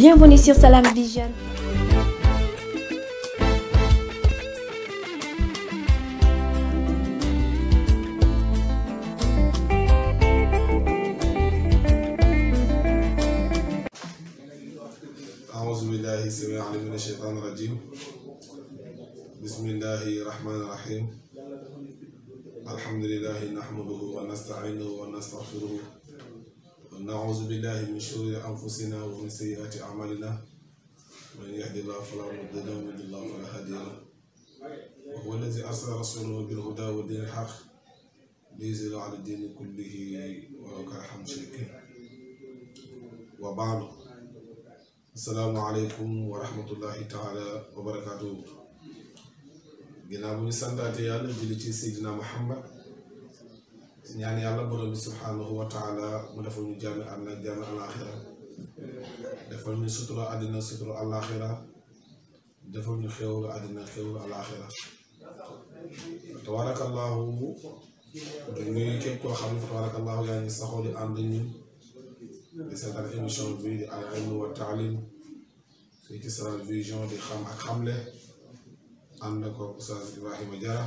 Bienvenue sur Salam Vision. auzubillahi samiil aliim mina sheytaani rajiim bismillahi rahmaani rahiim alhamdulillahi nahmaduhu wa nasta'iinuhu wa nastaghfiruhu ونعوذ بالله من شرور أنفسنا ومن سيئات أعمالنا من يهدي الله فلا مضل له ومن يضلل فلا هادي له وهو الذي أرسل رسوله بالهدى ودين الحق ليزيل على الدين كله ولو كره المشركين وبعد السلام عليكم ورحمة الله تعالى وبركاته ginnaaw bu ñu santaate yàlla julli ci Seydina Muhammad ñaan yàlla borom bi wa taala mu defal ñu am na jàmmi alaaxira defal ñu sutura àddina sutura alaaxira defal ñu xéwlu àddina alaaxira tabaarakallaahu du nuyu képp koo xam ne tabaarakallaahu yaa ngi saxoo di ànd ñun di seetaan émission bi di al Vision di xam ak xamle ànd ko Oustaz Ibrahima Diarra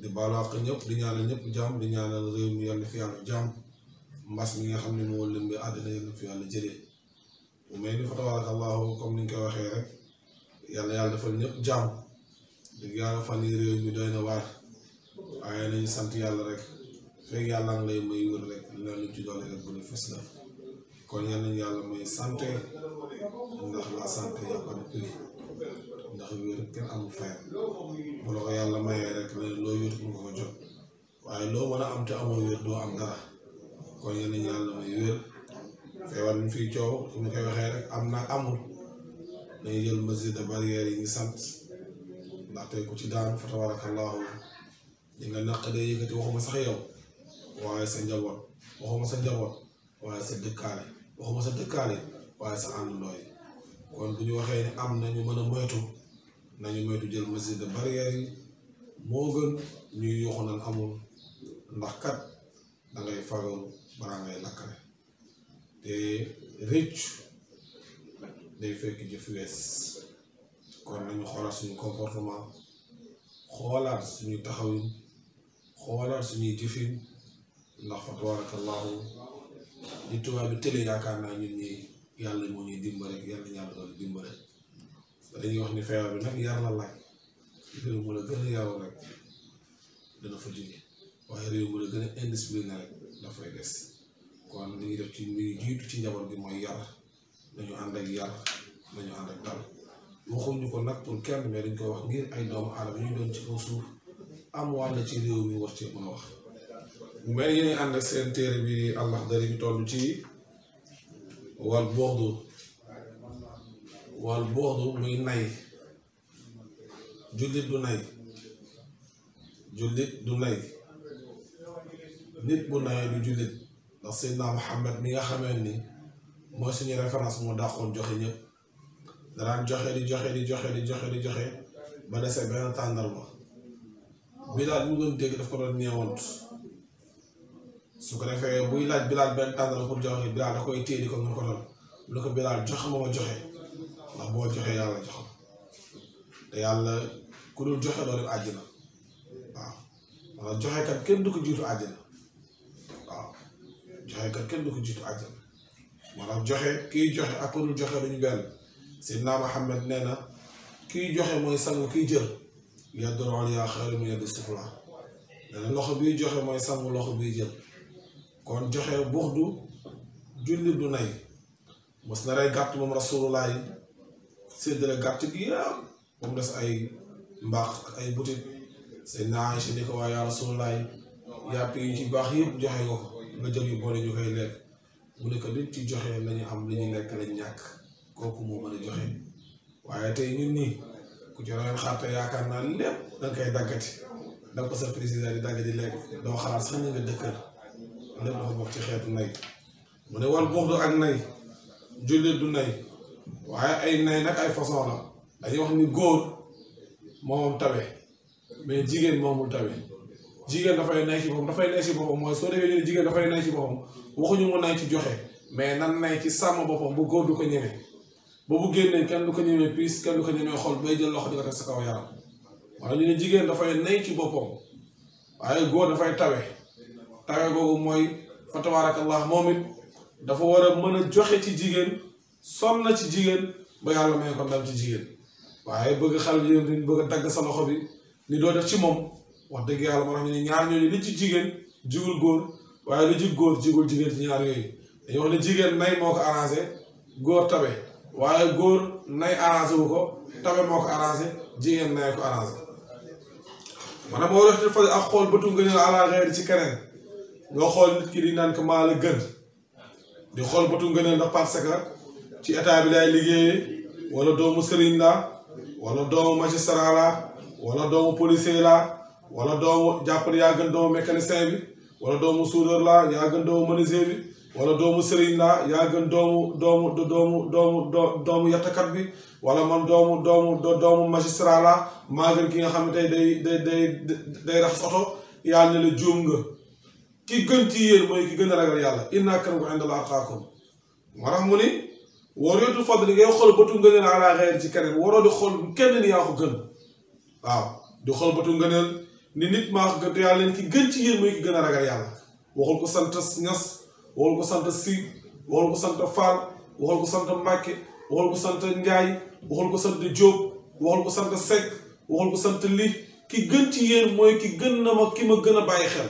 di baaluwaq ñëpp di ñaanal ñëpp jàmm di ñaanal réew mi fi yàlla jàmm mbas mi nga xam ne moo lëmbe fi yàlla jëlee bu mel ni fa tabaraka allahu comme ni nga koy waxee rek yàlla yàlla defal ñëpp jàmm dëgg yàlla fan yi réew mi doy na waar waaye nañu sant yàlla rek fekk yàlla nga lay may wër rek la lu ci doole rek kon yàlla nañu yàlla may santé ndax la santé yàlla ko ndax wér kenn yàlla mayee ko jot waaye loo mën a am te amoo wér am dara kon yéen ñaan koy waxee rek am na amul dañuy jël mesure de yi ñu sant ndaxte ku ci daan fa tabarakallahu di nga naq day yëkkati waxuma sax yow waaye sa njaboot waxuma sa njaboot waaye sa dëkkaale waxuma sa dëkkaale waaye sa àndandoo yi kon bu ñu waxee ne am na ñu mën a moytu nañu moytu jël mesure de barrière yi moo gën ñuy yooxu nan amul ndax kat da ngay faroo balaa ngay lakkale te rëcc day fekk jëf wees kon nañu xoolaat suñu comportement xoolaat suñu taxawin xoolaat suñuy jëfin ndax fa tabarakallahu di tubaab bi yaakaar naa ñun ñi yàlla moo ñuy dimbale yàlla yàlla doon dimbale dañuy wax ni feebar bi nag yar la laaj réew mu la gën a yaru rek dana fa jóge waaye réew mu la gën a indiscipliné rek dafay des kon li ñuy def ci mi ngi jiitu ci njaboot bi mooy yar dañu ànd ak yar nañu ànd ak dal waxuñu ko nag pour kenn mais dañ koy wax ngir ay doomu aadama ñu doon ci kaw suuf am wàll ci réew mi wax ci mën a wax mel yéen ànd ak seen téere bi Allah dari bi toll ci wal boobu wal boodu muy nay jullit du nay jullit du nay nit bu nay du jullit ndax Seydina Muhammad mi nga xamee ni mooy suñu référence moo dàqoon joxe ñëpp daraan joxe di joxe di joxe di joxe di joxe ba dese benn tàndarma bilaal mu doon dégg daf ko doon ñeewant su ko defee buy laaj bilaal benn tàndarma pour joxe bilaal da koy téye di ko nga ko doon lu ko bilaal joxe ma ma joxe ndax boo joxee yàlla jox te yàlla ku dul joxe doo dem àjjana waaw maanaam joxe kat kenn du ko jiitu àjjana waaw joxe kat kenn du ko jiitu àjjana joxe kiy joxe ak ku dul joxe duñu benn Seydina Muhammad nee na kiy joxe mooy sangu kii jël yàlla doon yaa xayru min yadi sufla nee loxo biy joxe mooy sangu loxo biy jël kon joxe buux du jullit du nay mos na rey gàtt moom rasulullah séddale gàtt gi yëpp ba mu ay mbaax ak ay butit seen naa si ni ko waa yaa rasulallaay yàpp yi ci baax yëpp joxe ko la jël yu boole ñu koy lekk mu ne ko nit ci joxe nañu am li ñu nekk lañ ñàkk kooku moo mën a joxe waaye tey ñun nii ku ci ren xarte yaakaar naa lépp danga koy daggati danga ko sacrifice di dagg di lekk doo xalaat sax ñu nga dëkkal lépp dafa bokk ci xeetu nay mu ne wal buux du ak nay jullit du nay waaye ay nay nag ay façon la dañuy wax ni góor moom tawe mais jigéen moomul tawe jigéen dafay nay ci boppam dafay nay ci boppam mooy soo defee ni jigéen dafay nay ci boppam waxuñu mu ci joxe mais nan nay ci sàmm boppam bu góor du ko ñemee ba bu génnee kenn ko ñemee piis kenn du ko ñemee xol bay loxo di ko teg sa kaw yaram ñu ne jigéen dafay nay ci boppam waaye góor dafay tawe tawe boobu mooy fa tabaarakallah moom it dafa war a mën a joxe ci jigéen son na ci jigéen ba yàlla may ko ndam ci jigéen waaye bëgg xal yéen di bëgg a dagg sa loxo bi ni doo def ci moom wax dëgg yàlla moo tax ñu ne ñaar ñooñu li ci jigéen jigul góor waaye li ci góor jigul jigéen ci ñaar yooyu dañu wax ne jigéen nay moo ko arrangé góor tabe waaye góor nay arrangé wu ko tabe moo ko arrangé jigéen nay ko arrangé maanaam boo def fa ak xool bëtu nga ne la ala xeer ci keneen nga xool nit ki di naan ko maa la gën di xool bëtu nga ne la parce que ci état bi lay liggéeyee wala doomu sëriñ la wala doomu magistrat la wala doomu policier la wala doomu jàppale yaa gën doomu mécanicien bi wala doomu soudeur la yaa gën doomu bi wala doomu sëriñ la yaa gën doomu doomu doomu doomu doomu yattakat bi wala man doomu doomu doomu magistrat la maa gën ki nga xam ne tey day day day day rax oto yàlla ne la juum nga ki gën ci yéen mooy ki gën a ragal yàlla inna akramakum inda llaahi atqaakum moo tax mu ni warootu fadli ngay xool bëtu ngëneel ala xeer ci keneen waroo di xool kenn ni yaa ko gën waaw di xool bëtu ngëneel ni nit maa ko gën te yaa leen ki gën ci yéen mooy ki gën a ragal yàlla waxul ko sant ñas waxul si waxul ko sant faal waxul sant màkke waxul ko sant njaay waxul ko sant jóob waxul ko sant sant li ki gën ci yéen mooy ki gën na ma ki ma gën a bàyyi xel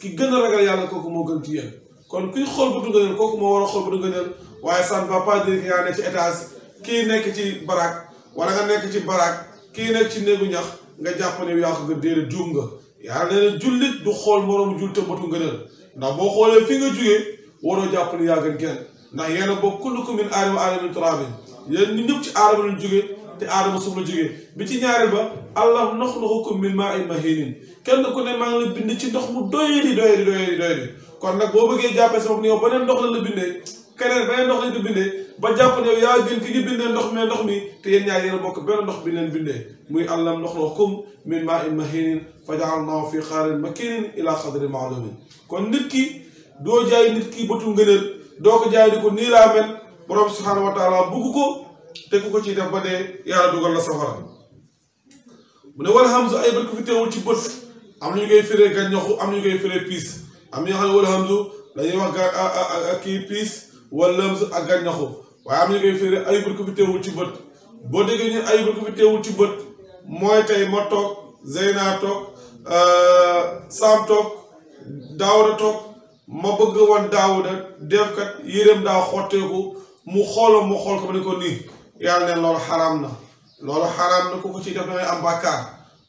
ki gën a ragal yàlla kooku moo gën ci yéen kon kuy xool bu dugganeel kooku moo war a waaye ça ne va pas dire nekk ci étage kii nekk ci baraak wala nga nekk ci baraak kii nekk ci néegu ñax nga jàpp ne yaa ko nga déedéet juum nga yaa nee na jullit du xool moroomu jullit te matu ngëneel ndax boo xoolee fi nga jugee waroo jàpp ne yaa gën kenn ndax yéen a bokk kullukum min aadama aadama turabin yéen ñun ñëpp ci aadama lañ jugee te aadama suuf la jugee bi ci ñaari ba allah naxluqukum min maa in mahinin kenn ku ne maa ngi la bind ci ndox mu doyadi kon nag bëggee jàppee sa bopp ni yow beneen ndox la la bindee keneen beneen ndox lañ ko bindee ba mais ndox mi te yéen ñaar bokk benn bi leen bindee muy àllam ndox noo kum min maa in mahinin fa jaalnaahu fi xaarin kon nit ki doo jaay nit ki bëtu ngëneel doo ko jaay di ko nii laa mel borom subhaanahu wa taala ko te ku ko ci def ba dee yàlla dugal la safara mu ne wala hamza ay bët ko fi teewul ci bët am na ñu koy firee gàncax am na ñu koy firee piis am na ñoo xam ne wal hamzu dañuy wax ga ak kii piis wal lamzu ak gànnaxu waaye am na ñu koy firi ayibul ko fi ci bët boo déggee ñu ayibul ko fi teewul ci bët mooy tey ma toog Zeyna toog euh, Saam toog Daawuda toog ma bëgg wan Daawuda def kat yéreem daa xotteeku mu xooloo mu xool ko ba ne ko nii yàlla ne loolu xaraam na loolu xaraam na ku ko ci def dangay am bàkkaar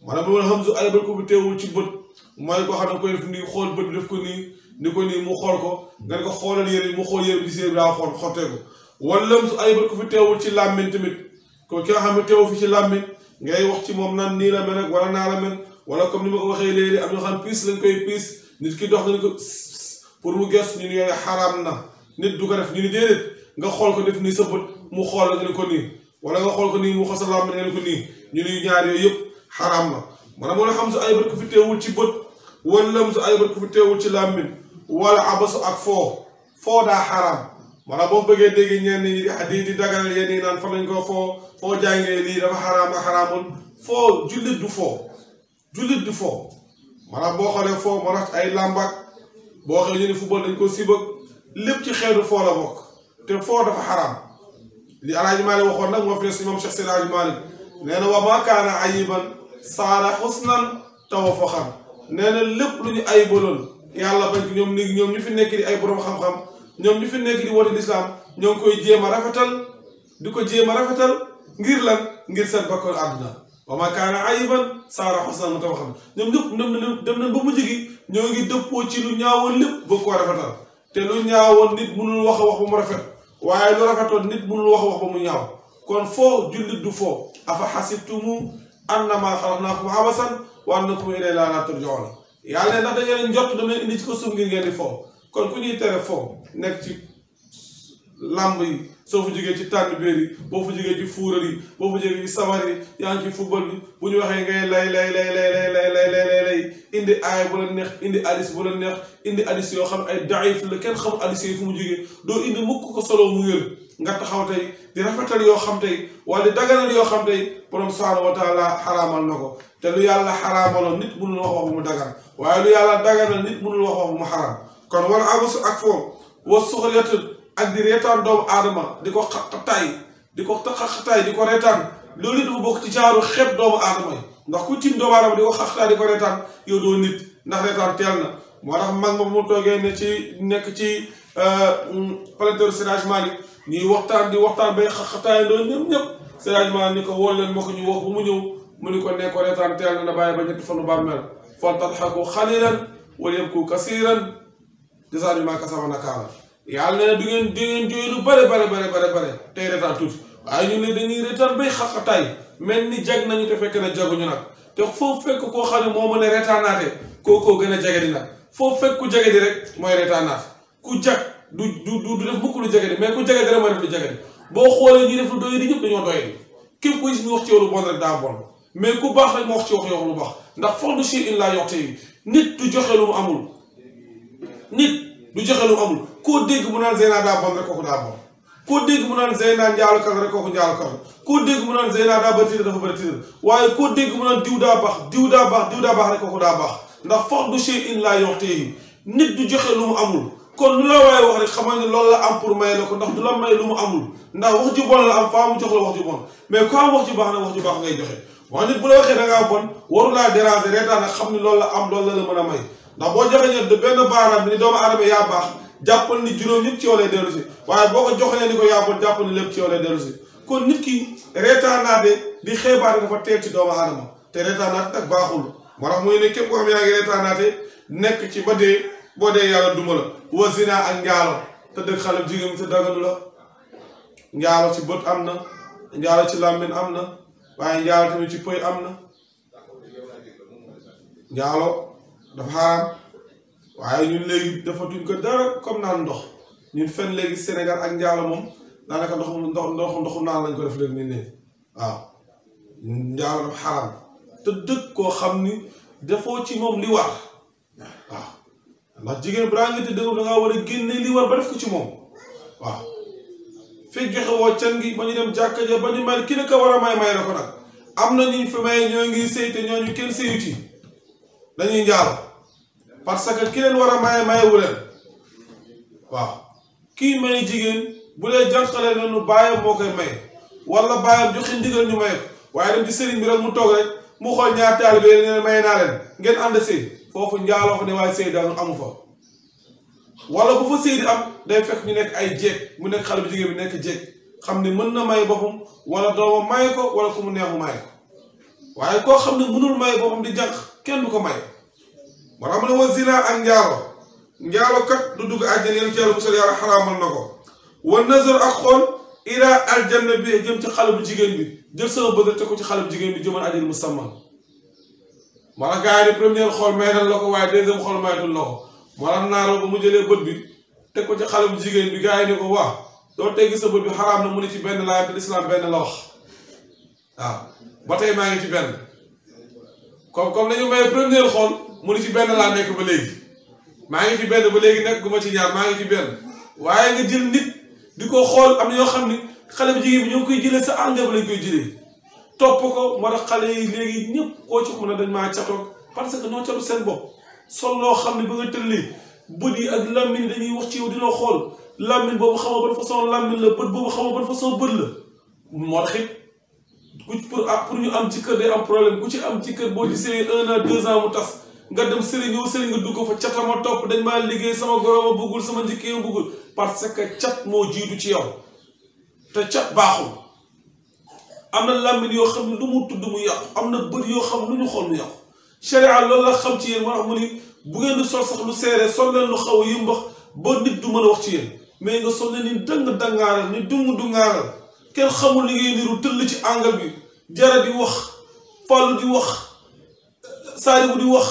maanaam bu ma hamzu ayibul ko fi teewul ci bët mooy koo xam ne koy nii xool bët bi def ko nii ni ko nii mu xool ko nga ne ko xoolal yére mu xool yére bi gis daa xool xottee ko wala ci làmmiñ tamit ko ki nga xam ne teewu fi ci làmmiñ ngay wax ci moom naan nii la mel nag wala naa la wala comme ni ma ko waxee léegi am ñoo xam piis lañ nit ki dox nga ko pour mu gëstu ñu ne yooyu xaraam du ko def ñu ne nga xool ko def nii mu xool nga ko nii wala nga xool ko nii mu xool sa làmmiñ ñaar yooyu yëpp xaraam na maanaam moo xam su ay bët ko fi teewul ci bët wal lamsu aybat ku fi teewul ci làmmiñ wala abasu ak foo foo daa xaraam maanaam boo bëggee dégg ñenn ñi di di daganal yéen ñi naan fan lañ ko foo foo jàngee lii dafa xaraam ak xaraamul foo jullit du foo jullit du maanaam boo xoolee foo ma tax ay làmbak boo xoolee ñu ne football dañ ko sibag lépp ci xeetu foo la bokk te foo dafa xaraam li Alaaji Maalik waxoon nag moo fi ne si moom Cheikh Seydi Alaaji Maalik nee na wa maa kaana ayiban saara xusnan tawafaxan nee na lépp lu ñu ay boloon yàlla bañ ko ñoom ñu fi nekk di ay borom xam-xam ñoom ñu fi nekk di woote lislaam ñoo koy jéem a rafetal di ko jéem a rafetal ngir lan ngir seen bakkoon àdduna wa ma kaana ayiban saara xusnan mu tabaxam ñoom ñëpp dem dem nañ ba mujj gi ñoo ngi dëppoo ci lu ñaawoon lépp bëgg koo rafetal te lu ñaawoon nit mënul wax wax ba mu rafet waaye lu rafetoon nit mënul wax wax ba mu ñaaw kon foo jullit du foo afa xasibtumu annama xalaqnaakum abasan wa annakum ilayna laa la yàlla ne ndax dañu leen njott dama leen indi ci ko suuf ngir ngeen di fo kon ku ñuy tere fo nekk ci làmb yi soo fa jógee ci tànn béer yi boo fa jógee ci yi boo fa jógee ci sabar yi yaa ngi ci football bi bu ñu waxee ngay lay lay lay lay lay lay lay indi aaya bu la neex indi hadis bu la neex indi hadis yoo xam ay daif la kenn xamul hadis yi fu mu jógee doo indi mukk ko solo mu wér nga taxaw tey di rafetal yoo xam tey wala di daganal yoo xam tey borom subhaanahu wa taala xaraamal na ko te lu yàlla xaraamaloon nit mënul wax wax bu mu waaye lu yàlla daganal nit mënul wax wax bu xaraam kon wala abus ak foofu wa suxriyatu ak di reetaan doomu aadama di ko xaqataay di ko xaqataay di ko reetaan loolu ci jaaru xeeb doomu aadama ndax ku tiim doomu aadama di ko xaqataay di ko reetaan yow doo nit ndax reetaan teel na moo tax mag ma mu toogee ne ci nekk ci euh, mm, palanteeru Siraj Malik ñuy waxtaan di waxtaan bay xaqataay loolu ñëpp ñëpp Siraj Malik ni ko woo leen ma ko ñu wax bu mu ñëw mu ne ko nekko reetaan teel na na bàyyi ba ñetti fanu bàmmeel fal tadxaku xalilan wala yabku kasiran jazaan bi maa na du ngeen du lu bare bare bare bare bare tey reetaan tuuti waaye ñu ne dañuy reetaan bay xaqataay mel ni jag nañu te fekk na jaguñu nag te foofu fekk koo xam ne moo mën a reetaanaate koo gën a jage di nag foofu fekk ku jage rek mooy reetaanaat ku jag du du du def mukk lu jage mais ku jage di rek mooy def lu jage boo xoolee ñuy def lu doy di ñëpp dañoo doy di képp ku gis ñu wax ci yow lu bon rek daa bon mais ku baax rek moo wax ci wax yoo baax ndax foofu du si in laa yoxte yi nit du joxe lu mu amul nit du joxe lu mu koo dégg mu naan Zeyna daa bon rek kooku daa bon koo dégg mu naan Zeyna njaalukat rek kooku njaalukat koo mu naan Zeyna daa bëri dafa bëri waaye koo dégg mu naan diw daa baax diw daa baax diw daa baax rek kooku daa ndax foofu du si in nit du joxe lu amul kon lu la waaye ne loolu am pour may la ko ndax du la may lu mu amul ndax wax ju bon la am faa mu jox la wax ju mais ku am wax ju baax nag wax ju ngay joxe waaye nit bu la waxee da ngaa bon waru laa déranger reetaan nag xam ni loolu la am lool la la mën a may ndax boo joxee de benn baaraam bi ni doomu aadama yaa baax jàpp ni juróom yëpp ci yow lay dellu si waaye boo ko joxee ni ko yaa bon jàppal ci yow lay dellu si kon nit ki reetaanaate di xeebaate dafa teel ci doomu aadama te reetaanaate nag baaxul moo tax muy ne képp koo xam yaa ngi reetaanaate nekk ci ba dee boo dee yàlla duma la wa zina ak njaalo te dëgg xale jigéen te daganu la njaalo ci bët am na njaalo ci làmmiñ am na waaye njaalo tamit ci pëy am na njaalo dafa xaram waaye ñun léegi defatuñ ko dara comme naan ndox ñun fenn léegi Sénégal ak njaalo moom daanaka ndox ndox ndoxu naan lañ ko def léegi nii nii waaw njaalo dafa xaram te koo xam ni defoo ci moom li war waaw ndax jigéen bu daa ngi te war a génne li war ba def ko ci moom waaw fekk joxe woo can gi ba ñu dem jàkka ja ba ñu mel ki la war a may may ko nag am na ñu fi may ñoo ngi sëy te ñooñu kenn sëyut dañuy njaal parce que ki leen war a maye maye wu leen waaw kii may jigéen bu dee jànqale noonu bàyyam moo koy may wala bàyyam joxe ndigal ñu may ko waaye dem ci sëriñ bi rek mu toog rek mu xool ñaar taalibe yi may naa leen ngeen ànd sëy foofu njaaloo fa ne waaye sëy daanu amu fa wala bu fa sëy am day fekk ñu nekk ay jeeg mu nekk xale bu jigéen bi nekk jeeg xam ne mën na may boppam wala doomam may ko wala ku mu neexu may ko waaye koo xam ne mënul may boppam di jànq kenn du ko may moo tax mu ne wa zina ak du dugg àjjana yéen ci yàlla musal yàlla xaraamal na ko wa nazar ak xool ila aljanna bi jëm ci xale bu jigéen bi jël sama bëgg te ko ci xale bu jigéen bi jëmal àjjana musamman moo tax gars yi première xool may nan la ko waaye deuxième moo tax naaroo ba mu jëlee bët bi te ko ci xale bu jigéen bi gars yi ne ko waa doo teggi sa bët bi am na mu ne ci benn laay te lislaam benn la wax waaw ba tey maa ngi ci benn comme comme dañu may première xool mu ne ci benn laa nekk ba léegi maa ngi ci benn ba léegi nekk gu ma ci ñaar maa ngi ci benn waaye nga jël nit di koo xool am na ñoo xam ni xale bu jigéen bi ñoo ngi koy jëlee sa engrais ba lañ koy jëlee topp ko moo tax xale yi léegi ñëpp koo ci a dañ parce que noo catu seen bopp sol loo xam ne ba nga tëllee bët yi ak làmmiñ dañuy wax ci yow dina xool làmmiñ boobu xamoo ban façon làmmiñ la bët boobu xamoo ban façon bët la moo tax it ku pour ah, pour ñu am ci kër day am problème bu ci am ci kër boo gisee un an deux ans nga dem sëriñ yow sëriñ nga dugg fa cat ma topp dañ maa liggéey sama goro bëggul sama njëkkee ma parce que cat moo jiitu ci yow te baaxul am na làmmiñ yoo xam ne lu mu tudd mu yàqu am na bët yoo xam lu ñu xool mu yàqu sharia loolu la xam ci yéen moo tax mu ni bu ngeen di sol sax lu seere sol leen lu xaw a yëmbax ba nit du mën a wax ci yéen mais nga sol leen ni dëng dangaaral ni dung dungaaral kenn xamul li ngay niru ci àngal bi jara di wax fàllu di wax saaribu di wax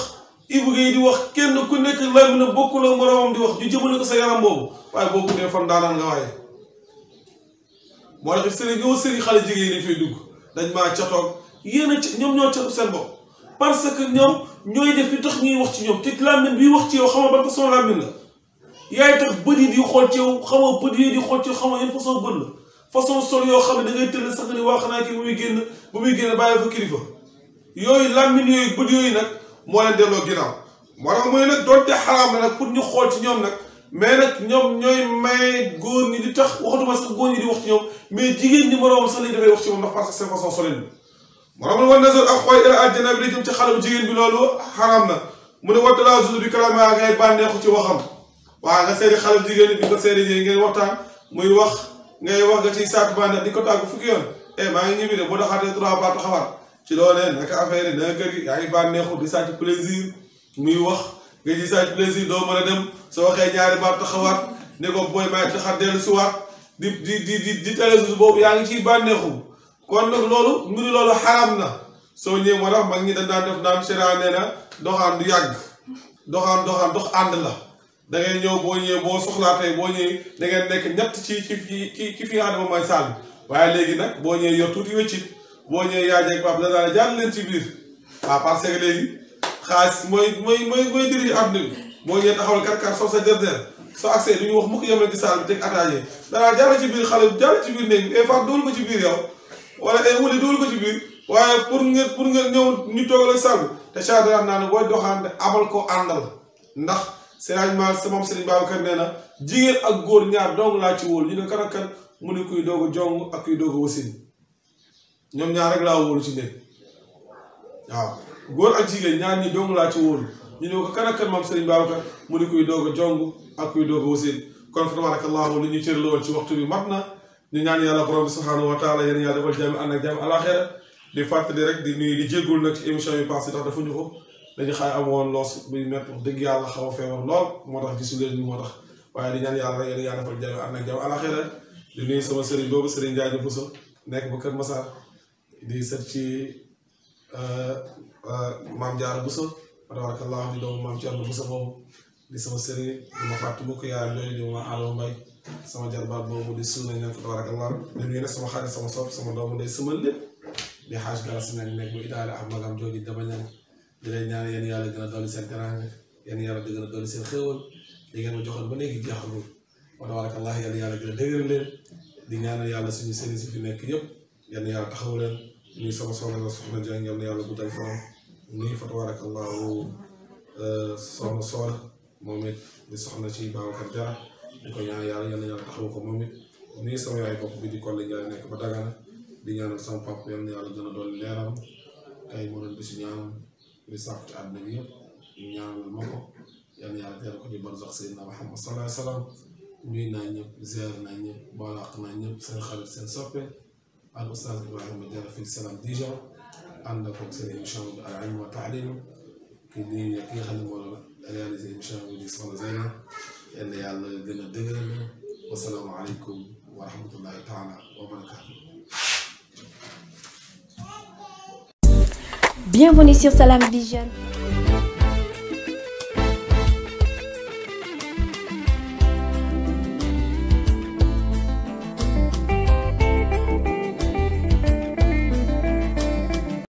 ibu gay di wax kenn ku nekk lami na ne bokkuloo moroomam di wax ñu jëmale ko sa yaram boobu waaye boobu dee fan daanaan nga waaye moo tax sëriñ ñoo sëriñ xale jigéen ñi fay dugg dañ maa catoog yéen a ñoom ñoo catu seen bopp parce que ñoom ñooy def li tax ñuy wax ci ñoom te làmmiñ bi wax ci yow xamoo ban façon làmmiñ la yaay tax bët yi di xool ci yow xamoo bët yi di xool ci yow xamoo yan façon bët sol yoo xam ne da ngay tëdd sax ni waa xanaa kii yooyu nag moo leen delloo ginnaaw moo tax ñu xool ci ñoom mais nag ñoom ñooy may góor ñi di tax waxatuma sax góor ñi di wax ci ñoom mais jigéen ñi moroom sax lañ dafay wax ci moom ndax parce que seen façon solin bi mu ne wa nazar xooy ila àjjana bi di jëm ci xale jigéen bi loolu xaram na mu ne wa talaazu bi kalaama ngay bànneexu ci waxam waa nga seeti xale bu jigéen bi nga seeti ñi ngay waxtaan muy wax ngay wax nga ciy di ko tàgg fukki yoon eh, maa ngi ñibbi de boo doxaatee trois baatu xabaar ci loolee naka affaire yi naka kër gi yaa ngi muy wax nga ci sàcc plaisir doo mën a dem soo waxee ñaari baatu xabaar ne ko booy maa ngi a dellu si waat di di di di di télésus boobu yaa ngi ciy bànneexu kon nag loolu mbiru loolu xaram na soo ñëwee ma tax mag ñi dañ daan def naan sera nee na doxaan du yàgg doxaan doxaan dox ànd la da ngay ñëw boo ñëwee boo soxlaa tey boo ñëwee da ngay nekk ci ci ci ci moom mooy saal bi waaye léegi nag boo ñëwee yor tuuti wéccit ñëwee yaa jeeg pap da daal jàll leen ci biir waaw parce que léegi xaalis mooy mooy mooy mooy diri àdduna bi boo ñëwee taxawal karkar soo sa jardin soo accès du ñu wax mukk yemal ci saal bi teg attaqué danaa jàll ci biir xale jàll ci biir néeg bi et far doolu ko ci biir yow wala de wuli dugal ko ci biir waaye pour nga pour nga ñëw ñu toogal ak sàggu te Cheikh daan naa ne booy doxaan abal ko àndal ndax Serigne Mar sa moom Serigne Babacar nee na jigéen ak góor ñaar dong laa ci wóolu ñu ne kan ak kuy doog a ak kuy doog ñaar rek laa wóolu ci nekk ak jigéen ñaar ñi dong laa ci wóolu ñu ne ko kan ak kan moom Serigne mu ne kuy doog a jong ak kuy doog a kon fa tabaarakallahu li ñu cërloo ci waxtu bi mat na. ñu ñaan yàlla borom bi subhaanahu wa taala yéen jàmm ànd ak jàmm di rek di nuyu di jéggul nag émission yu passé tax defuñu ko dañu xaay am woon loos buy métti wax dëgg yàlla xaw a lool moo tax gisu leen ñu moo di ñaan yàlla rek yéen yàlla defal jàmm ànd ak jàmm alaxira nekk ba Kër Massar di ci euh, euh, maam Diarra Bousso tabarakallah di doomu maam Thierno Bousso boobu di sama sëriñ di ma fàttali ko loolu di ma Allo Mbaye sama jarbaat boobu di sunna ñaan fa tabarakallah di nuyu nag sama xarit sama sopp sama doomu day sama lépp di xaaj galas ñaan nekk bu itaali ahmadam jooju dama ñaan di leen ñaan yéen yàlla gën a dolli seen teraanga yéen yàlla di gën a dolli seen xéewal di ngeen ma joxoon ba léegi jeexagul fa tabarakallah yéen yàlla gën a dëgër di ñaan yàlla suñu sëriñ si fi nekk yëpp yéen yàlla taxaw leen nuyu sama soxna soxna Dieng yéen yàlla guddal fan nuyu fa tabarakallahu euh, soxna Soor moom it di soxna ci Babacar Dia di ko ñaan yàlla yal na yàlla taxawu ko moom it nii sama yaay bopp bi di Collé Ndiaye nekk ba Dagana di ñaanal sama papa yal na yàlla gën a doon leeram tey moo doon bisu ñaanam di sàkku ci àdduna bi yëpp ñu ñaanal ma ko yal na yàlla teel ko ci barsax Seydina Muhammad sallallahu alayhi wa sallam nuyu naa ñëpp ziar naa ñëpp boolaq naa ñëpp seen xarit seen soppe al oustaz Ibrahima Diarra fii Salam Vision ànd ak seen émission bi al ilm wa taalim kii di ki nga xam ne moo doon réalisé émission bi di soxna Zeyna yal na yàlla gën a dëgëral wasalaamaaleykum wa rahmatullahi taala wa barakaatu. Bienvenue sur Salam Vision.